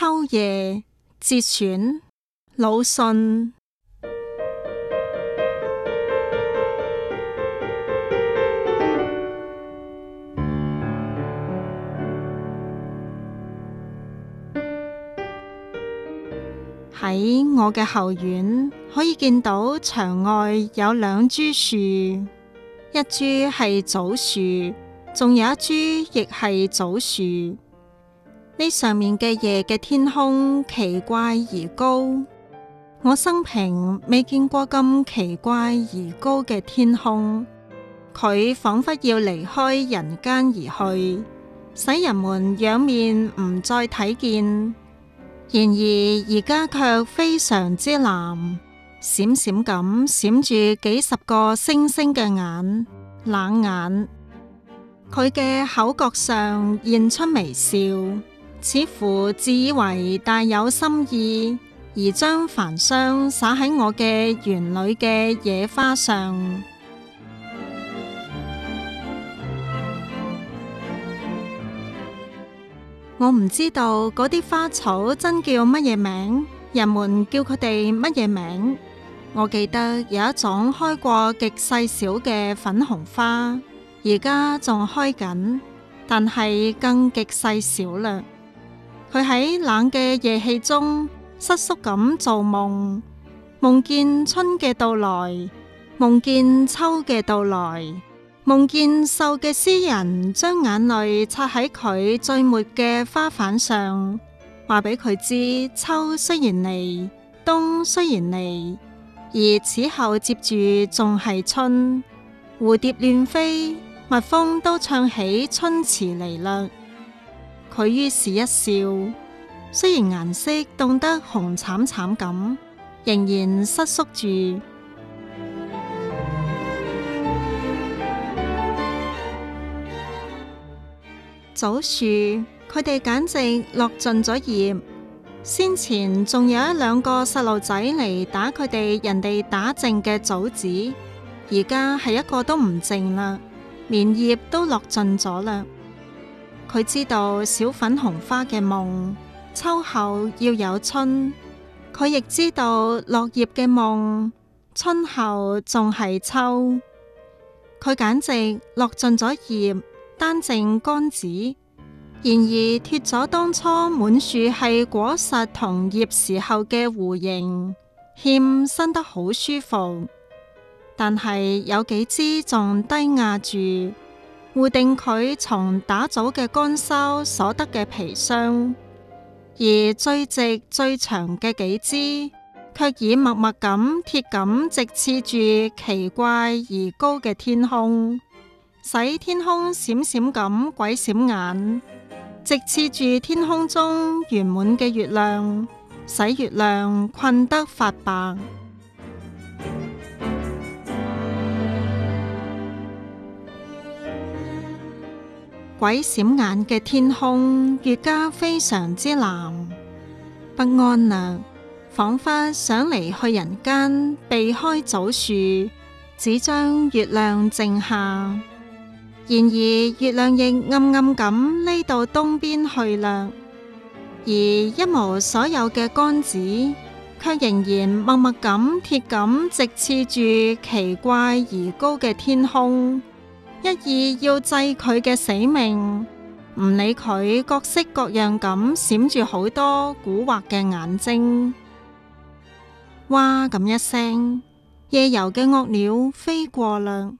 秋夜節選，魯迅。喺 我嘅後院，可以見到牆外有兩株樹，一株係棗樹，仲有一株亦係棗樹。呢上面嘅夜嘅天空奇怪而高，我生平未見過咁奇怪而高嘅天空。佢仿佛要離開人間而去，使人們仰面唔再睇見。然而而家卻非常之藍，閃閃咁閃住幾十個星星嘅眼，冷眼。佢嘅口角上現出微笑。似乎自以為大有深意，而將繁霜灑喺我嘅園裏嘅野花上。 我唔知道嗰啲花草真叫乜嘢名，人們叫佢哋乜嘢名？我記得有一種開過極細小嘅粉紅花，而家仲開緊，但係更極細小嘞。佢喺冷嘅夜氣中瑟縮咁做夢，夢見春嘅到來，夢見秋嘅到來，夢見瘦嘅詩人將眼淚擦喺佢最末嘅花瓣上，話俾佢知：秋雖然嚟，冬雖然嚟，而此後接住仲係春。蝴蝶亂飛，蜜蜂都唱起春詞嚟啦。佢於是一笑，雖然顏色凍得紅慘慘咁，仍然瑟縮住。棗樹，佢 哋樂簡直落盡咗葉。先前仲有一兩個細路仔嚟打佢哋，人哋打剩嘅棗子，而家係一個都唔剩啦，連葉都落盡咗啦。佢知道小粉紅花嘅夢，秋後要有春。佢亦知道落葉嘅夢，春後仲係秋。佢簡直落盡咗葉，單剩幹子。然而脫咗當初滿樹係果實同葉時候嘅弧形，欠伸得好舒服。但係有幾枝仲低壓住。互定佢從打棗嘅竿梢所得嘅皮傷，而最直最長嘅幾枝，卻已默默咁鐵咁直刺住奇怪而高嘅天空，使天空閃閃咁鬼閃眼；直刺住天空中圓滿嘅月亮，使月亮窘得發白。鬼閃眼嘅天空，越加非常之藍，不安啦，仿佛想離去人間，避開棗樹，只將月亮靜下。然而月亮亦暗暗咁匿到東邊去啦，而一無所有嘅杆子，卻仍然默默咁鐵咁直刺住奇怪而高嘅天空。一意要制佢嘅死命，唔理佢各式各樣咁閃住好多蠱惑嘅眼睛，哇，咁一聲，夜遊嘅惡鳥飛過啦。